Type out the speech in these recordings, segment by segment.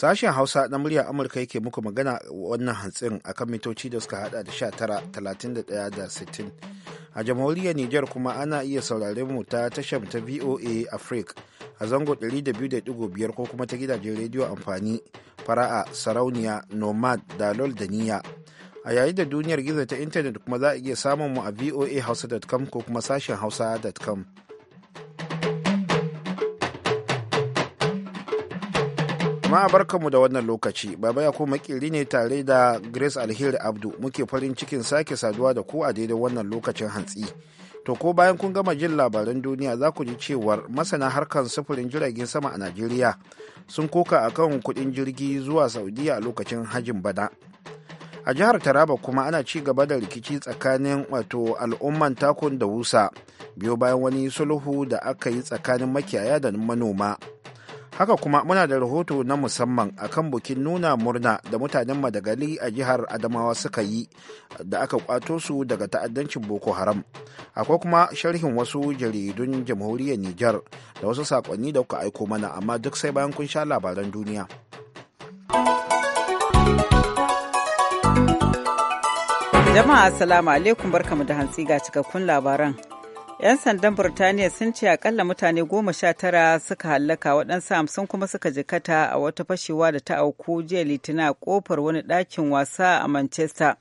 Sashen Hausa na muryar Amurka yake muku magana wannan hantsin akan mitoci da suka hada da talatin da 60. A jamhuriyar Nijar kuma ana iya saurare mu ta tashar ta VOA Africa a zango 200.5 ko kuma ta gidajen rediyo amfani fara'a sarauniya nomad da dalol da niyya. A yayin da duniyar gizo ta intanet kuma za a iya samun mu a voa voahausa.com ko kuma sashen hausa.com. jama'a barkanmu da wannan lokaci baba ya kuma kiri ne tare da grace alheri abdu muke farin cikin sake saduwa da ku a daidai wannan lokacin hantsi to ko bayan kun gama jin labaran duniya za ku ji cewar masana harkar sufurin jiragen sama a najeriya sun koka akan kudin jirgi zuwa saudiya a lokacin hajin bada a jihar taraba kuma ana ci gaba da rikici tsakanin wato al'umman takun da wusa biyo bayan wani sulhu da aka yi tsakanin makiyaya da manoma haka kuma muna da rahoto na musamman akan bukin nuna murna da mutanen madagali a jihar adamawa suka yi da aka kwato su daga ta'addancin boko haram akwai kuma sharhin wasu jaridun jamhuriyar nijar da wasu sakonni da kuka aiko mana amma duk sai bayan kun sha labaran duniya jama'a assalamu alaikum barkamu da hantsi ga cikakkun labaran 'Yan sandan Burtaniya sun ce akalla mutane goma sha tara suka hallaka waɗansu hamsin kuma suka jikata a wata fashewa da ta auku jiya Litina a kofar wani ɗakin wasa a Manchester.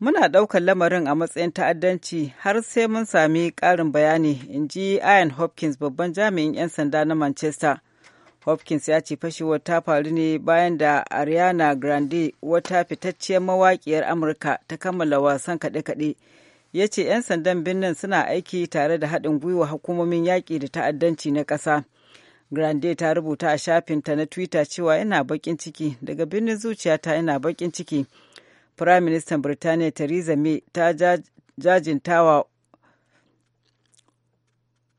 Muna ɗaukar lamarin a matsayin ta'addanci har sai mun sami ƙarin bayani, in ji Ian Hopkins babban jami'in 'yan sanda na Manchester. Hopkins ya ce fashewar ta faru ne bayan da Ariana Grande wata fitacciyar mawaƙiyar Amurka ta kammala wasan kaɗe-kaɗe. ya ce 'yan sandan birnin suna aiki tare da haɗin gwiwa hukumomin yaƙi da ta'addanci na ƙasa. Grande ta rubuta a shafinta na Twitter cewa yana baƙin ciki daga birnin zuciyata yana bakin ciki. Firaministan Birtaniya Theresa May ta jajintawa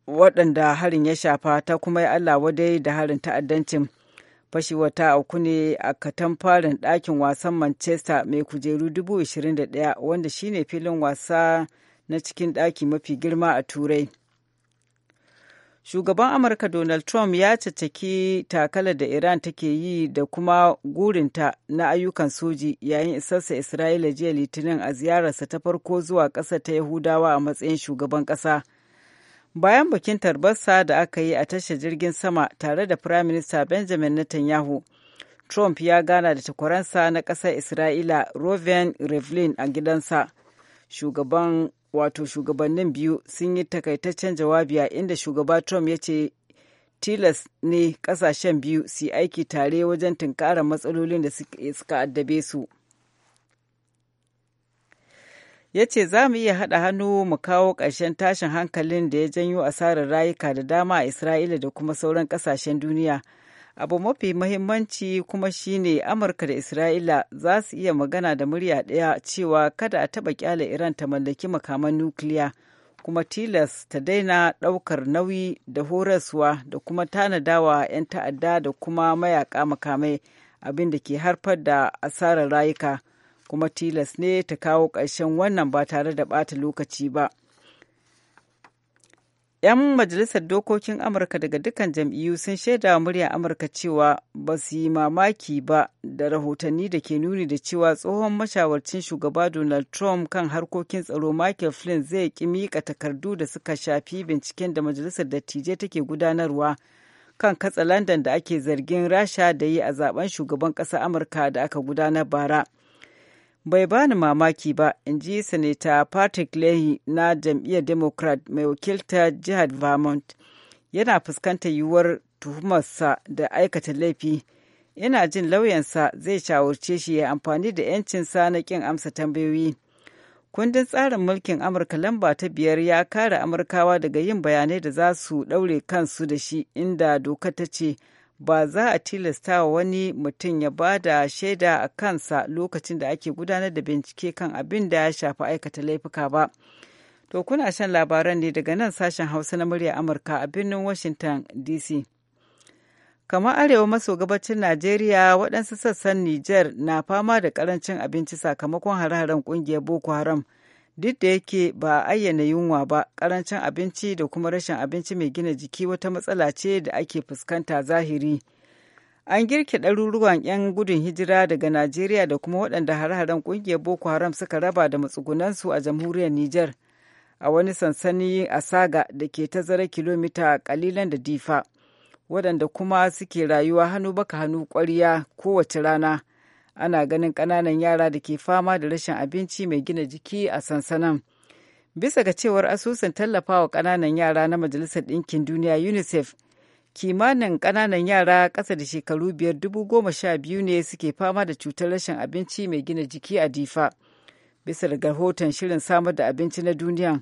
waɗanda harin ya shafa ta kuma yi Allah wadai da harin ta'addancin. fashi wata auku ne a katamfarin ɗakin wasan manchester mai kujeru 21,000 wanda shine filin wasa na cikin ɗaki mafi girma a turai shugaban amurka donald trump ya caccaki takala da iran take yi da kuma gurinta na ayyukan soji yayin isarsa isra'ila jiya litinin a ziyararsa ta farko zuwa ƙasa ta yahudawa a matsayin shugaban ƙasa bayan bikin tarbarsa da aka yi a tashar jirgin sama tare da firaminista benjamin netanyahu trump ya gana da takwaransa na ƙasar isra'ila roven rivlin a gidansa shugaban wato shugabannin biyu sun yi takaitaccen jawabi a inda shugaba trump ya ce tilas ne ƙasashen biyu su aiki tare wajen tunkarar matsalolin da suka addabe su ya ce za mu iya haɗa hannu mu kawo ƙarshen tashin hankalin da ya janyo asarar rayuka da dama a isra'ila da kuma sauran ƙasashen duniya abu mafi mahimmanci kuma shine amurka da isra'ila za su iya magana da murya ɗaya cewa kada a taɓa ƙyale iran ta mallaki makaman nukiliya kuma tilas ta daina ɗaukar nauyi da horaswa da kuma tanadawa 'yan ta'adda da kuma mayaƙa makamai abinda ke harfar da asarar rayuka. kuma tilas ne ta kawo ƙarshen wannan ba tare da ɓata lokaci ba. 'yan majalisar dokokin amurka daga dukkan jam'iyyu sun shaida wa murya amurka cewa ba su yi mamaki ba da rahotanni da ke nuni da cewa tsohon mashawarcin shugaba donald trump kan harkokin tsaro michael flynn zai ƙi miƙa takardu da suka shafi binciken da majalisar dattijai take gudanarwa kan katsa london da ake zargin rasha da yi a zaben shugaban ƙasa amurka da aka gudanar bara. bai bani mamaki ba in ji sanata patrick leahy na jam'iyyar democrat mai wakilta jihar vermont yana fuskantar yiwuwar tuhumarsa da aikata laifi yana jin lauyansa zai shawarce shi ya amfani da 'yancinsa na kin amsa tambayoyi kundin tsarin mulkin amurka lamba ta biyar ya kare amurkawa daga yin bayanai da za su ɗaure kansu da shi inda dokar ta ce ba za a tilasta wani mutum ya ba da shaida a kansa lokacin da ake gudanar da bincike kan abin da ya shafi aikata laifuka ba. To kuna shan labaran ne daga nan sashen Hausa na murya Amurka a birnin Washington DC. Kamar arewa maso gabacin Najeriya waɗansu sassan Nijar na fama da ƙarancin abinci sakamakon hare-haren ƙungiyar Boko Haram duk da yake ba a ayyana yunwa ba karancin abinci da kuma rashin abinci mai gina jiki wata matsala ce da ake fuskanta zahiri an girke ɗaruruwan 'yan gudun hijira daga najeriya da kuma waɗanda har haren ƙungiyar boko haram suka raba da matsugunansu a jamhuriyar niger a wani sansani a saga da ke tazara kilomita kalilan da difa waɗanda kuma suke rayuwa hannu baka hannu kwariya kowace rana ana ganin ƙananan yara da ke fama da rashin abinci mai gina jiki a sansanan Bisa ga cewar asusun tallafawa ƙananan yara na Majalisar Ɗinkin Duniya UNICEF, kimanin ƙananan yara ƙasa da shekaru biyar dubu goma sha biyu ne suke fama da cutar rashin abinci mai gina jiki a Difa. Bisa da rahoton shirin samar da abinci na duniya,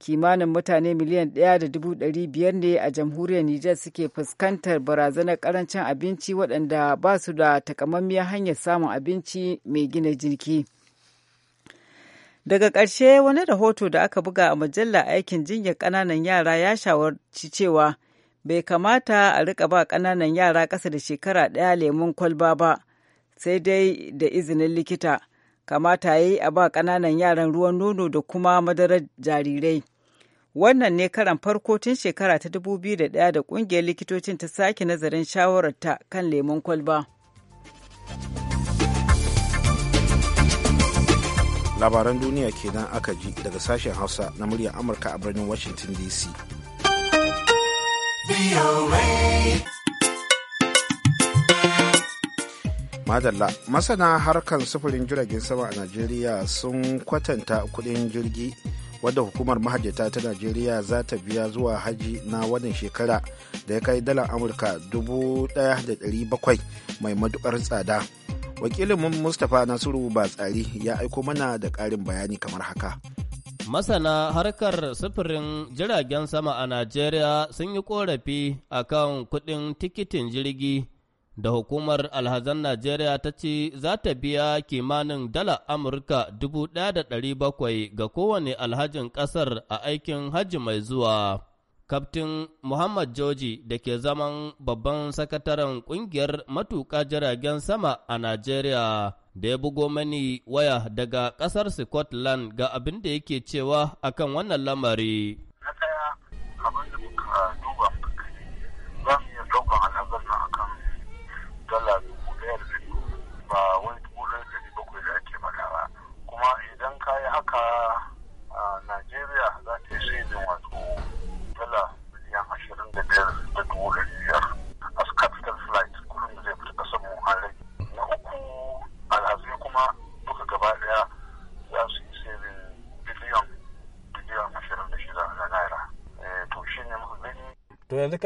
kimanin mutane miliyan ɗaya da dubu biyar ne a jamhuriyar Nijar suke fuskantar barazanar karancin abinci waɗanda ba su da takamammiyar hanyar samun abinci mai gina jirki. Daga ƙarshe wani rahoto da aka buga a mujallar aikin jinyar ƙananan yara ya shawarci cewa bai kamata a riƙa ba ƙananan yara ƙasa da shekara ɗaya lemun kwalba ba sai dai da izinin likita. kamata yayi yi a ba ƙananan yaran ruwan nono da kuma madarar jarirai. Wannan ne karan farko tun shekara ta 2001 da ƙungiyar likitocin ta sake nazarin shawararta kan lemon kwalba. Labaran duniya kenan aka ji daga sashen Hausa na muryar Amurka a birnin Washington DC. madalla masana harkar sufurin jiragen sama a najeriya sun kwatanta kudin jirgi wadda hukumar mahajjata ta najeriya za ta biya zuwa haji na wannan shekara da ya kai dalar amurka 1,700 mai matukar tsada wakilin mustapha nasiru batsari ya aiko mana da ƙarin bayani kamar haka Masana harkar sufurin jiragen sama a Najeriya sun yi ƙorafi akan kan kuɗin tikitin jirgi da hukumar alhazan Najeriya ta ce za ta biya kimanin dala Amurka bakwai ga kowane alhajin ƙasar a aikin hajji mai zuwa. Kaftin Muhammad Joji da ke zaman babban sakataren ƙungiyar matuƙa jiragen sama a Najeriya da ya bugo mani waya daga ƙasar Scotland ga abin da yake cewa akan wannan lamari.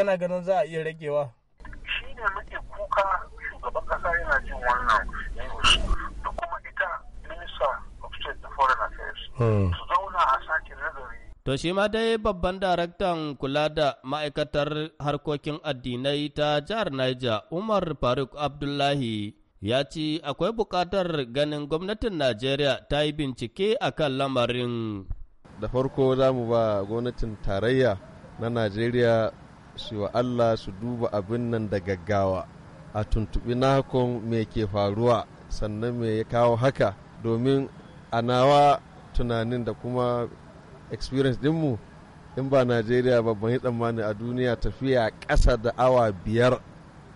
kana ganin za a iya ragewa shi ne muke kuka shugaban kasa yana jin wannan da kuma ita minista of state da foreign affairs hmm. su zauna a sake nazari To shi ma dai babban daraktan kula da ma'aikatar harkokin addinai ta jihar Niger Umar Faruk Abdullahi ya ce akwai buƙatar ganin gwamnatin Najeriya ta yi bincike a kan lamarin. Da farko za mu ba gwamnatin tarayya na Najeriya su wa Allah su duba abin nan da gaggawa a tuntuɓi nakon me ke faruwa sannan me ya kawo haka domin a nawa tunanin da kuma experience dinmu in ba najeriya babban yi tsammani a duniya tafiya ƙasa da awa biyar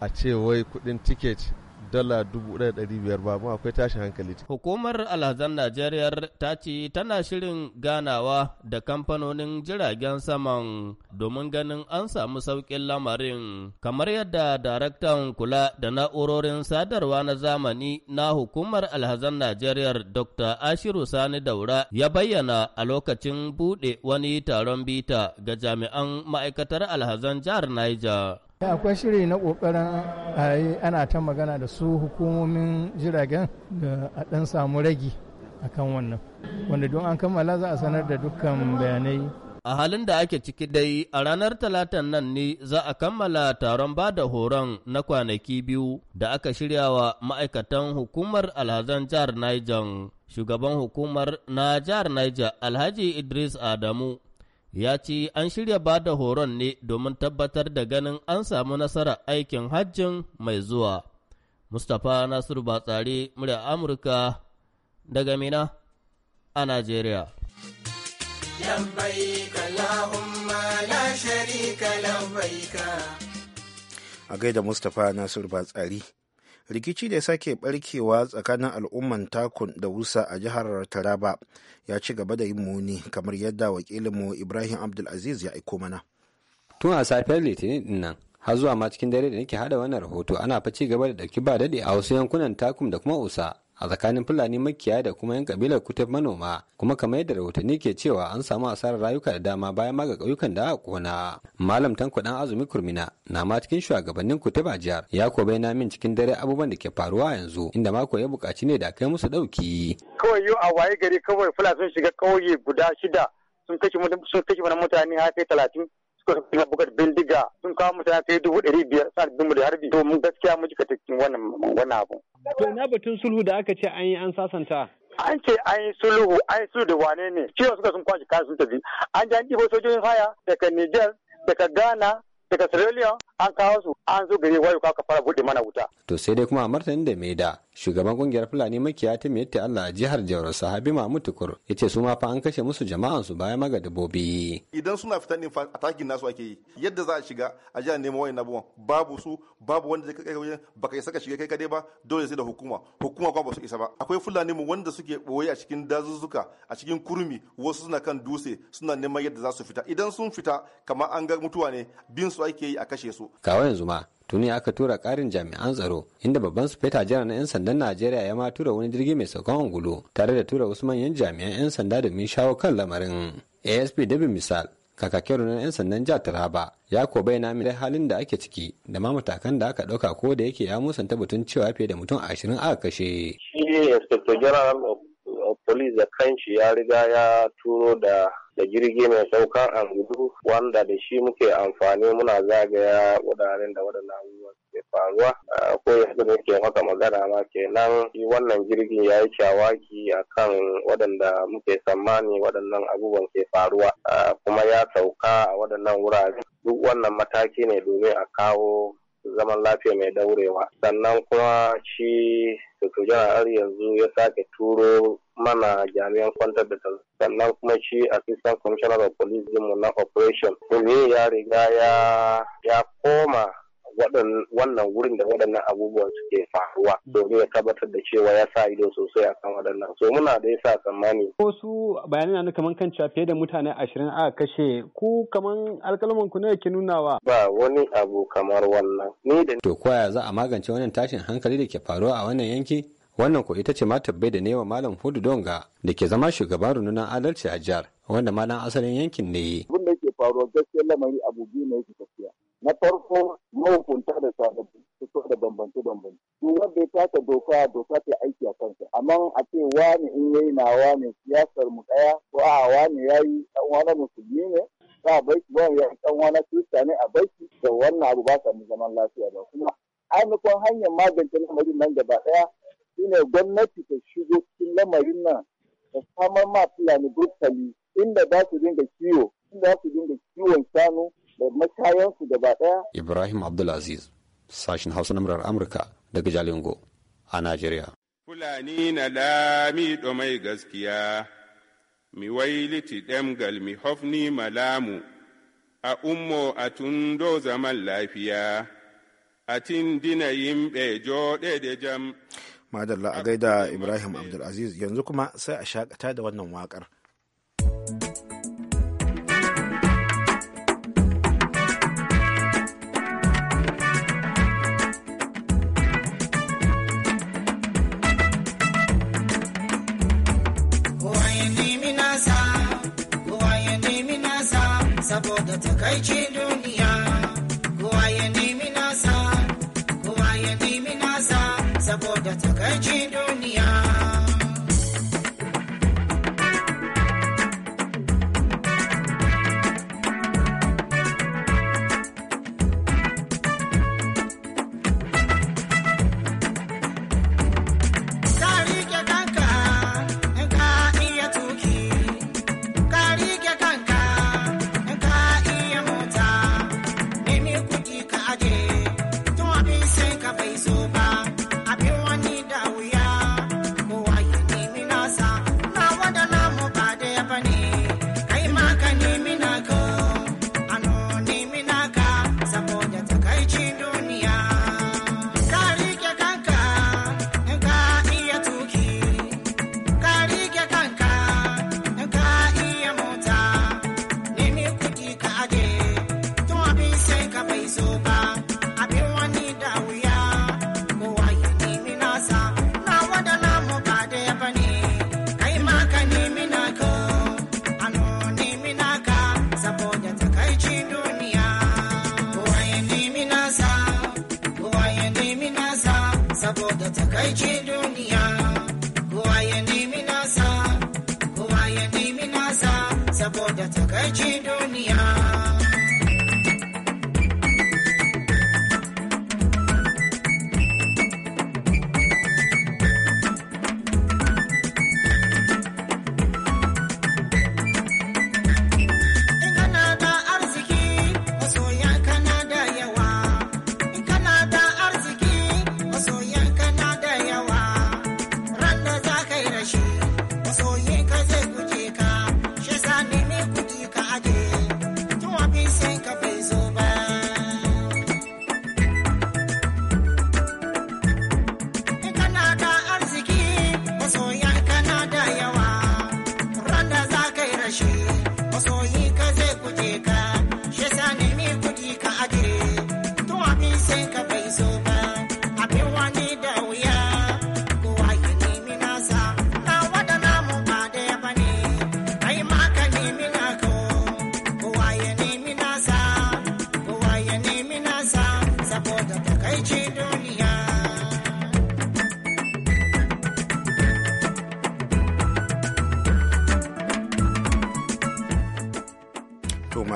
a ce wai kuɗin tiket dala dubu ɗaya ɗari biyar ba ma akwai tashin hankali. Hukumar alhazan Najeriya ta ce tana shirin ganawa da kamfanonin jiragen saman domin ganin an samu sauƙin lamarin kamar yadda daraktan kula da na'urorin sadarwa na zamani na hukumar alhazan Najeriya Dr. Ashiru Sani Daura ya bayyana a lokacin buɗe wani taron bita ga jami'an ma'aikatar alhazan jihar Niger. akwai shiri na kokarin a yi ana ta magana da su hukumomin jiragen da a ɗan samu ragi akan wannan wanda don an kammala za a sanar da dukkan bayanai a halin da ake ciki dai a ranar talatan nan ne za a kammala taron ba da horon na kwanaki biyu da aka shirya wa ma'aikatan hukumar alhazan jihar Niger. Shugaban hukumar na jihar Niger Alhaji Idris Adamu ya ce an shirya ba da horon ne domin tabbatar da ganin an samu nasara aikin hajjin mai zuwa. Mustapha Nasiru Batsari, murya Amurka daga Mina a Najeriya. A gaida Mustapha Nasiru Batsari. rikici da ya sake barkewa tsakanin al'umman takun da wusa a jihar taraba ya ci gaba da yin muni kamar yadda wakilinmu ibrahim abdulaziz ya aiko mana tun a safiyar litinin nan har zuwa ma cikin dare da nake hada wannan rahoto ana fa ci gaba da dauki ba dade a wasu yankunan takum da kuma usa a tsakanin fulani makiya da kuma yan kabilar kutub manoma kuma kamar yadda rahotanni ke cewa an samu asarar rayuka da dama bayan maga ƙauyukan da aka kona malam tanko dan azumi kurmina na ma cikin shugabannin kutuba jihar ya ko bayyana min cikin dare abubuwan da ke faruwa yanzu inda mako ya buƙaci ne da kai musu ɗauki. kawai yau a waye gari kawai fulani sun shiga ƙauye guda shida sun kashe mutane har sai talatin suka bugar bindiga sun kawo mutane kai dubu ɗari biyar sa dubu da harbi to mun gaskiya mun jika cikin wannan abu. To na batun sulhu da aka ce an yi an sasanta. an ce an yi sulhu an yi sulhu da wane ne ciwon suka sun kwashe kayan sun tafi an ji an ɗibo sojojin haya daga Nijar daga Ghana daga Sierra Leone an kawo su an zo gari wayo ka fara bude mana wuta. To sai dai kuma a martanin da mai da shugaban kungiyar Fulani makiya ta mai yadda Allah a jihar Jauro Sahabi mamu Tukur ya ce su ma fa an kashe musu jama'an su bayan maga dabbobi. Idan suna fita ne fa atakin nasu ake yi yadda za a shiga a jihar neman wayan nabuwan babu su babu wanda zai kai wajen baka isa ka shiga kai kadai ba dole sai da hukuma hukuma kuma ba su isa ba. Akwai Fulani mu wanda suke boye a cikin dazuzzuka a cikin kurmi wasu suna kan dutse suna neman yadda za su fita idan sun fita kamar an ga mutuwa ne bin su ake yi a kashe su kawo yanzu ma tuni aka tura karin jami'an tsaro inda babban sufeta jihar na 'yan sandan najeriya ya ma tura wani jirgi mai saukan angulu tare da tura wasu manyan jami'an 'yan sanda domin shawo kan lamarin asp dabi misal kakakin na 'yan sandan jihar taraba ya ko bayyana mai halin da ake ciki da ma matakan da aka ɗauka ko da yake ya musanta batun cewa fiye da mutum ashirin aka kashe. shi ne inspector general of police da kanshi ya riga ya turo da da jirgi mai saukan angudu wanda da shi muke amfani muna zagaya wadannan da wadannan abubuwan ke faruwa ah, ko da muke maka magana ma kenan shi wannan jirgin ya yi shawaki a kan waɗanda muke tsammani waɗannan abubuwan ke faruwa ah, kuma ya sauka a waɗannan wurare duk wannan mataki ne domin a kawo zaman lafiya mai daurewa sannan kuma shi Dr. har yanzu ya sake turo mana jami'an kwantar da sannan kuma shi assistant commissioner of police mu na operation ne ya riga ya koma wannan wurin da waɗannan abubuwan suke faruwa domin ya tabbatar da cewa ya sa ido sosai a kan waɗannan so muna da yasa tsammani. wasu bayanan na kaman kan cewa fiye da mutane ashirin aka kashe ku kaman alƙalman ku ne ke nunawa. ba wani abu kamar wannan ni da. to koya za a magance wannan tashin hankali da ke faruwa a wannan yanki. wannan ko ita ce ma tabbai da wa malam hudu donga da ke zama shugaban rundunar adalci a jihar wanda malam asalin yankin ne. abin da ke faruwa gaskiyar lamari abu biyu ne yake tafiya na farko mahukunta da sababbi su so da bambance bambance duk wanda ya taka doka doka ta aiki a kansa amma a ce wani in yayi na wani siyasar mu daya ko a wani yayi dan wani musulmi ne ba bai ba ya dan wani kirista ne a baiki da wannan abu ba mu zaman lafiya ba kuma ainihin hanyar magance lamarin nan gaba daya shine gwamnati ta shigo cikin lamarin nan da samar ma fulani burtali inda za su dinga kiwo inda za su dinga kiwon shanu da makayansu ɗaya. Ibrahim Abdulaziz, sashen Hausa na murar Amurka daga Jalingo a Najeriya. Fulani na lami mai gaskiya, mi wailiti ɗemgal mi hofni malamu, a ummo a tundo zaman lafiya, a dina yimɓe joɗe da jam. Madalla a gaida Ibrahim Abdulaziz yanzu kuma sai a shakata da wannan waƙar. saboda takaici duniya kowa ya nemi nasa kowa ya nemi nasa saboda takaici duniya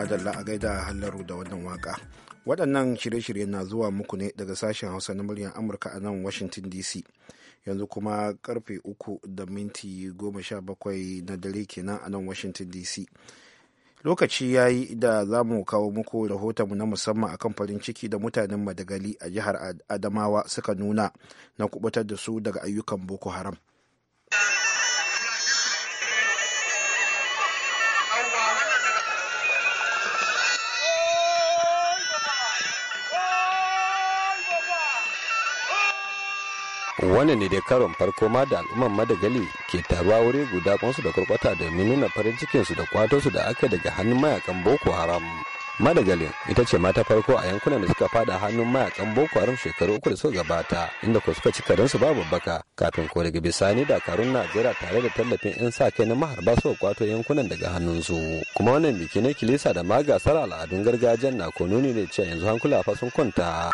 madalla a gaida hallaru da wannan waka waɗannan shirye-shirye na zuwa muku ne daga sashen hausa na muryar amurka a nan washington dc yanzu kuma karfe uku da minti goma sha bakwai na dare kenan a nan washington dc lokaci ya yi da za mu kawo muku rahotonmu na musamman a kan farin ciki da mutanen madagali a jihar adamawa suka nuna na kubutar da su daga ayyukan boko haram wannan ne dai karon farko ma da al'umman madagali ke taruwa wuri guda kwansu da kurkwata domin nuna farin cikin su da kwato da aka daga hannun mayakan boko haram madagali ita ce mata farko a yankunan da suka fada hannun mayakan boko haram shekaru uku da suka gabata inda ko suka ci su babu baka kafin ko daga bisani da dakarun najera tare da tallafin yan sa kai na maharba su kwato yankunan daga hannun su kuma wannan biki na kilisa da magasar al'adun gargajiya na ko nuni ne cewa yanzu hankula fa sun kwanta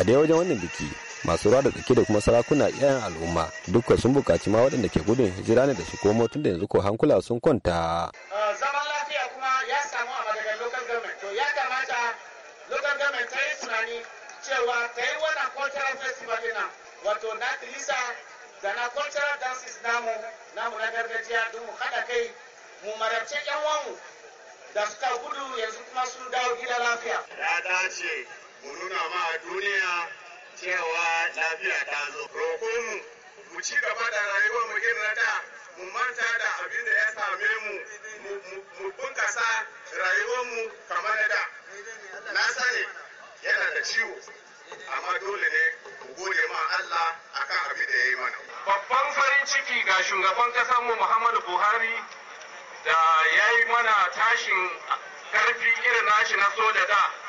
a dai wajen wannan biki masu ruwa da tsaki da kuma sarakuna iyayen al'umma dukkan sun bukaci ma waɗanda ke gudun hijira ne da su komo tun da yanzu ko hankula sun kwanta. Uh, zaman lafiya kuma ya samu a madagar local government to ya kamata local government ta yi tunani cewa ta yi wannan cultural festival ina wato na kilisa da na cultural dances namu namu na gargajiya don mu haɗa kai mu marabce ƴan da suka gudu yanzu kuma sun dawo gida lafiya. ya dace mu nuna ma duniya cewa lafiya ta zo roƙo mu mu ci gaba da rayuwar mu irin da mu manta da abin da ya same mu mu bunkasa rayuwar mu kamar da na sani yana da ciwo amma dole ne mu gode ma Allah akan abin da ya yi mana babban farin ciki ga shugaban kasar mu Muhammadu Buhari da ya yi mana tashin karfi irin nashi na soja da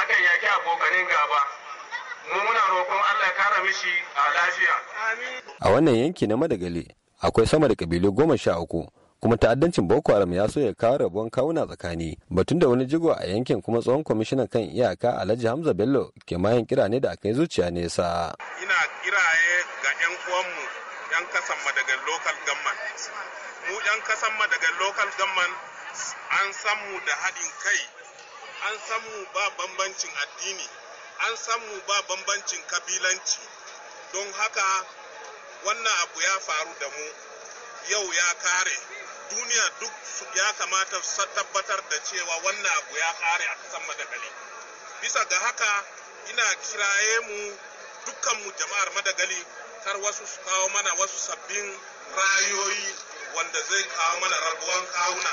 aka yaki abokanin gaba mu muna roƙon Allah ya kara mishi a lafiya a wannan yanki na madagali akwai sama da kabilu goma sha uku kuma ta'addancin boko haram ya so ya kawo rabuwan kawuna tsakani batun da wani jigo a yankin kuma tsohon kwamishinan kan iyaka alhaji hamza bello ke mayan kira ne da aka yi zuciya nesa ina kiraye ga yan uwanmu yan kasan madagal local gamman mu yan kasan madagal local gamman an san mu da haɗin kai an san mu ba bambancin addini an san mu ba bambancin kabilanci don haka wannan abu ya faru da mu yau ya kare duniya duk ya kamata su tabbatar da cewa wannan abu ya kare a kasan madagali bisa ga haka ina kiraye mu dukkanmu jama'ar madagali kar wasu su kawo mana wasu sabbin rayoyi wanda zai kawo mana rabuwan kawuna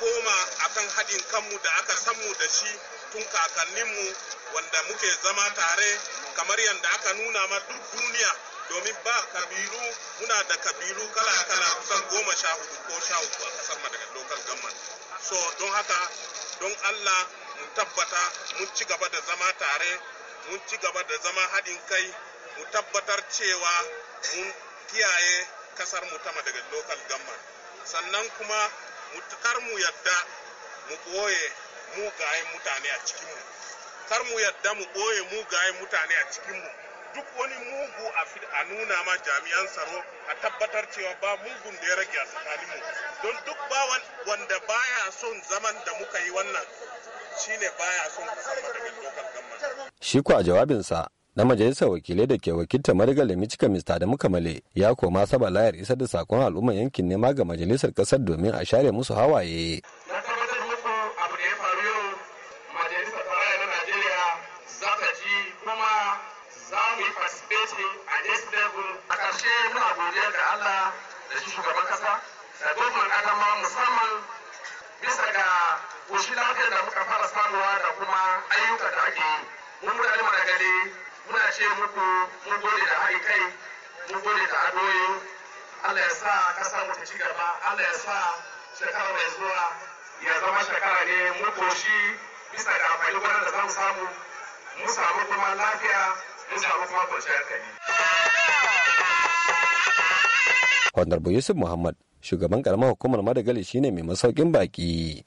koma akan haɗin kanmu da aka samu da shi tun kakanninmu wanda muke zama tare kamar yadda aka nuna ma duk duniya domin ba kabilu muna da kabilu kala-kala kusan goma sha hudu ko sha uku a kasar daga local government so don haka don allah mu tabbata mun ci gaba da zama tare mun ci gaba da zama haɗin kai mu tabbatar cewa mun kiyaye kasar mu ta daga local government sannan kuma kar mu yadda mu ɓoye mugayen mutane a cikinmu kar mu yadda mu ɓoye mugayen mutane a cikinmu duk wani mugu a nuna ma jami'an tsaro a tabbatar cewa ba mugun da ya rage a tsakaninmu don duk ba wanda baya son zaman da muka yi wannan shine baya son dokar madagascar Shi ko a jawabinsa na majalisar wakilai da ke wakilta marigal micika mista da mukamale ya koma saba layar isar da sakon al'ummar yankin nema ga majalisar kasar domin a share musu hawaye shugaban kasa da gwamnan adama musamman bisa ga ƙoshi da muka fara samuwa da kuma ayyuka da ake yi mun mutane mara muna ce muku mun gode da haɗi kai mun gode da adoyin Allah ya sa kasar mu ta ci gaba Allah ya sa shekara mai zuwa ya zama shekara ne mu koshi bisa ga amfani gwada da za samu mu samu kuma lafiya mu samu kuma kwanciyar kai. Honorable Yusuf Muhammad shugaban karamar hukumar Madagali shine mai masaukin baki.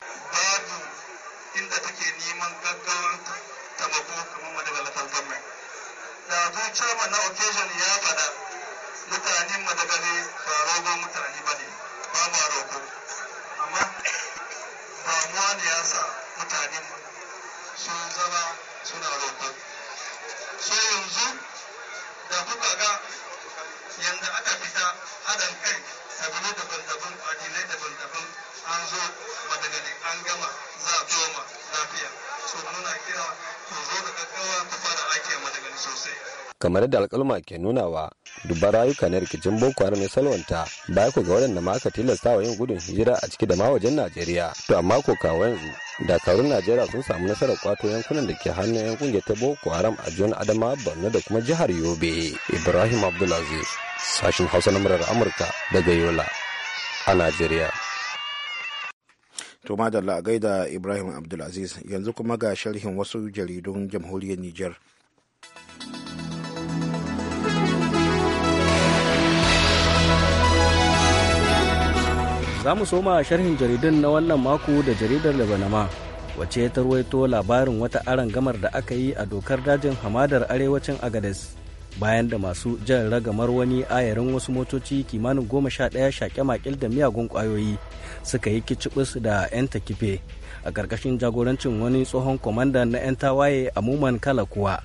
kamar da alkalma ke nunawa dubban rayuka na rikicin boko haram ya salwanta baya ku ga waɗanda ma aka tilasta wa yin gudun hijira a ciki da ma wajen najeriya to amma ko kawo yanzu dakarun najeriya sun samu nasarar kwato yankunan da ke hannun yan kungiyar ta boko haram a jihar adama borno da kuma jihar yobe ibrahim abdulaziz sashin hausa na murar amurka daga yola a najeriya To madalla a gaida Ibrahim Abdulaziz yanzu kuma ga sharhin wasu jaridun jamhuriyar niger. Za mu soma sharhin jaridun na wannan mako da jaridar labanama wace ta ruwaito labarin wata aron gamar da aka yi a dokar dajin hamadar arewacin agades bayan da masu jan ragamar wani ayarin wasu motoci kimanin goma sha ɗaya shaƙe makil da miyagun ƙwayoyi suka yi kicibis da 'yan takife a ƙarƙashin jagorancin wani tsohon kwamandan na 'yan tawaye a muman kala kuwa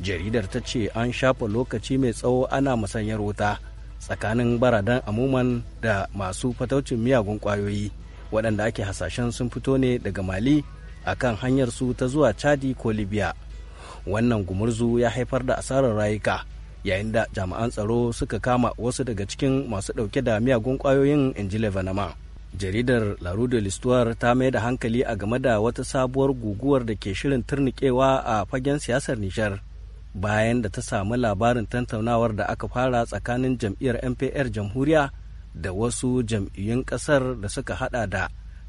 jaridar ta ce an shafa lokaci mai tsawo ana musanyar wuta tsakanin baradan amuman da masu fataucin miyagun ƙwayoyi waɗanda ake hasashen sun fito ne daga mali akan hanyar su ta zuwa chadi ko libya wannan gumurzu ya haifar da asarar rayuka yayin da jami'an tsaro suka kama wasu daga cikin masu ɗauke da miyagun ƙwayoyin inji levanama jaridar la rue de l'histoire ta mai da hankali a game da wata sabuwar guguwar da ke shirin turnikewa a fagen siyasar nishar bayan da ta samu labarin tantaunawar da aka fara tsakanin jam'iyyar mpr jamhuriya da wasu jam'iyyun kasar da suka hada da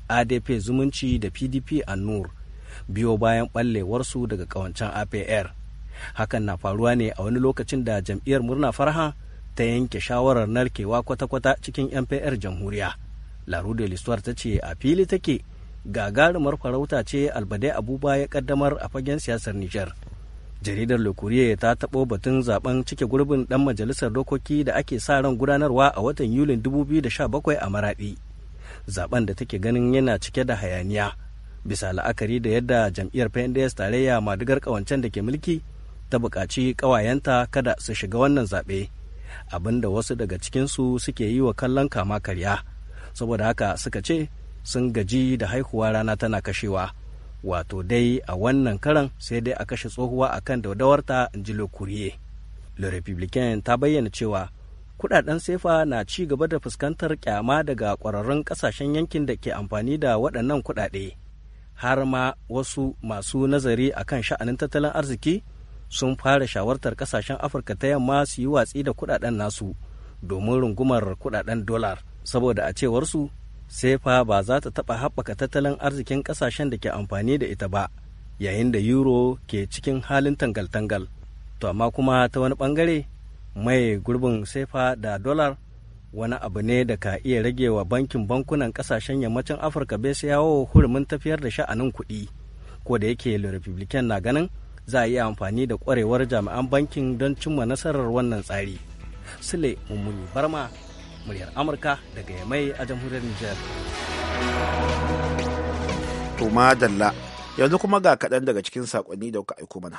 adp zumunci da pdp annur biyo bayan ɓallewarsu daga ƙawancen apr hakan na faruwa ne a wani lokacin da jam'iyyar murna farha ta yanke shawarar narkewa kwata-kwata cikin mpr jamhuriya larude listuwar ta ce a fili take gagarumar farauta ce albade abuba ya kaddamar a fagen siyasar nijar jaridar le ta taɓo batun zaben cike gurbin ɗan majalisar dokoki da ake sa ran gudanarwa a watan yulin 2017 a maraɗi zaben da take ganin yana cike da hayaniya bisa la'akari da yadda jam'iyyar pnds tarayya madigar kawancen da ke mulki ta buƙaci ƙawayenta kada su shiga wannan zaɓe abinda wasu daga cikinsu suke yi wa kallon kama karya saboda haka suka ce sun gaji da haihuwa rana tana kashewa wato dai a wannan karan sai dai a kashe tsohuwa a kan daudawarta in ji lokuriye le republican ta bayyana cewa kudaden sefa na ci gaba da fuskantar kyama daga kwararrun kasashen yankin da ke amfani da waɗannan kuɗaɗe. har ma wasu masu nazari a kan sha'anin tattalin arziki sun fara shawartar kasashen afirka ta yamma su yi watsi da kudaden nasu domin rungumar kudaden dolar saboda a cewarsu sefa ba za ta taɓa haɓaka tattalin arzikin kasashen da ke amfani da ita ba yayin da euro ke cikin halin tangal-tangal to amma kuma ta wani ɓangare mai gurbin sefa da dolar wani abu ne da ka iya rage wa bankin bankunan kasashen yammacin afirka bai yawo hurumin tafiyar da sha'anin kuɗi ko da yake le republican na ganin za a iya amfani da kwarewar jami'an bankin don cimma nasarar wannan tsari sule mummuni barma muryar amurka daga yamai a jamhuriyar niger yanzu kuma ga kaɗan daga cikin saƙonni da kuka aiko mana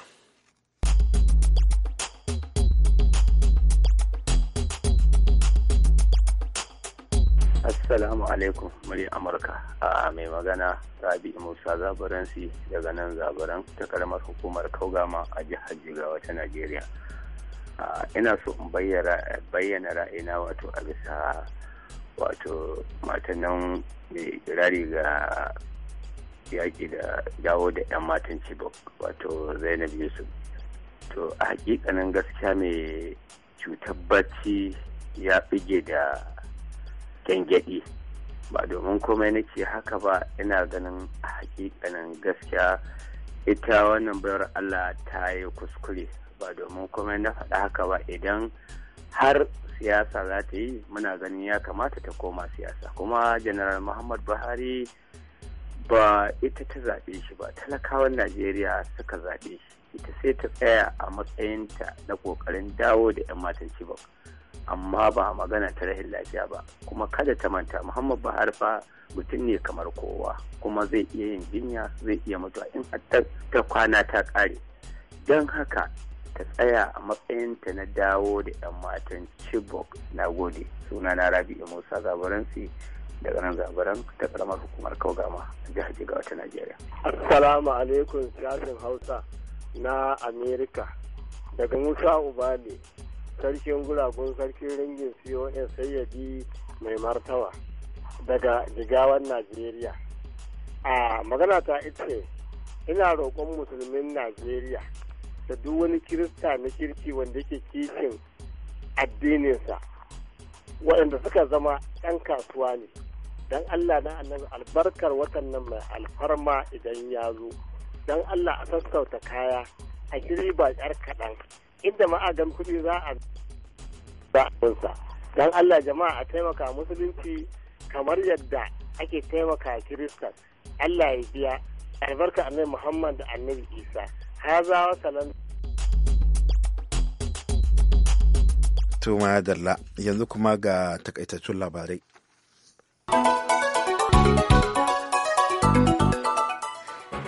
Assalamu alaikum murya Amurka a mai magana Rabi Musa Zabaransi daga nan Zabaran ta karamar hukumar Kaugama a jihar Jigawa ta Najeriya. Ina so in bayyana ra'ayina wato a bisa wato matan nan mai ga yaƙi da dawo da 'yan matan Chibok wato Zainab Yusuf. To a hakikanin gaskiya mai cutar bacci ya fige da gyangyaɗi ba domin komai nake haka ba ina ganin hakikanin gaskiya ita wannan bayar allah ta yi kuskure ba domin komai na faɗa haka ba idan har siyasa za ta yi muna ganin ya kamata ta koma siyasa kuma janaral muhammad buhari ba ita ta zaɓe shi ba talakawan najeriya suka zaɓe shi ita sai ta tsaya a matsayinta na ƙoƙarin dawo da 'yan matan cibok amma ba magana ta rahin lafiya ba kuma kada ta manta muhammad buhari fa mutum ne kamar kowa kuma zai iya yin jinya zai iya mutuwa in ta kwana ta kare don haka ta tsaya a matsayinta na dawo da 'yan matan chibok na gode suna na rabi'u musa zabaransi daga nan zabaran ta karamar hukumar kogama a jihar jigawa ta najeriya assalamu alaikum siyasin hausa na amerika daga musa ubali sarkin gulagun sarkin ringin cos bi mai martaba daga jigawan najeriya a magana ta ita ina roƙon musulmin najeriya da duk wani kirista na kirki wanda yake kishin addininsa waɗanda suka zama 'yan kasuwa ne don allah na annan albarkar watan nan mai alfarma idan ya zo don allah a sassauta kaya a kiri ba kaɗan inda ma kuɗi za a ba a don Allah jama'a a taimaka musulunci kamar yadda ake taimaka kirista Allah ya biya albarka annabi Muhammad da annabi Isa haza wa salam to madalla yanzu kuma ga takaitaccen labarai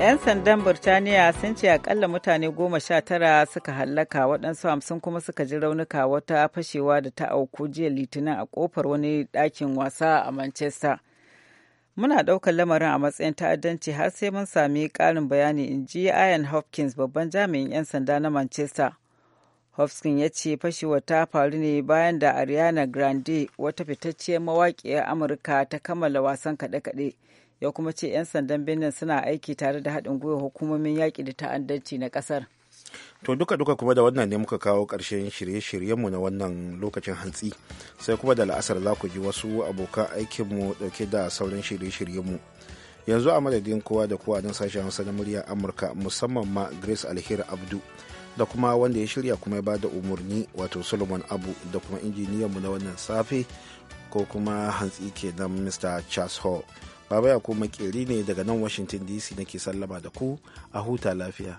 'Yan sandan Burtaniya sun ce akalla mutane goma sha tara suka hallaka waɗansu hamsin kuma suka ji raunuka wata fashewa da ta auku jiya litinin a kofar wani ɗakin wasa a Manchester. Muna ɗaukar lamarin a matsayin ta'addanci har sai mun sami ƙarin bayani in ji Ian Hopkins babban jami'in 'yan sanda na Manchester. hopkin ya ce fashewar ta faru ne bayan da Ariana Grande wata fitacciyar mawaƙiyar Amurka ta kammala wasan kaɗe-kaɗe. ya kuma ce 'yan sandan birnin suna aiki tare da haɗin gwiwa hukumomin yaƙi da ta'addanci na ƙasar. To duka-duka kuma da wannan ne muka kawo ƙarshen shirye-shiryenmu na wannan lokacin hantsi sai kuma da la'asar za ku ji wasu abokan aikinmu ɗauke da sauran shirye-shiryenmu. Yanzu a madadin kowa da kowa don sashen Hausa na muryar Amurka musamman ma Grace Alheri Abdu da kuma wanda ya shirya kuma ya ba da umarni wato Solomon Abu da kuma injiniyanmu na wannan safe ko kuma hantsi ke nan Mr. Charles Hall. baba ya kuma makeri ne daga nan washington dc nake sallama da ku a huta lafiya.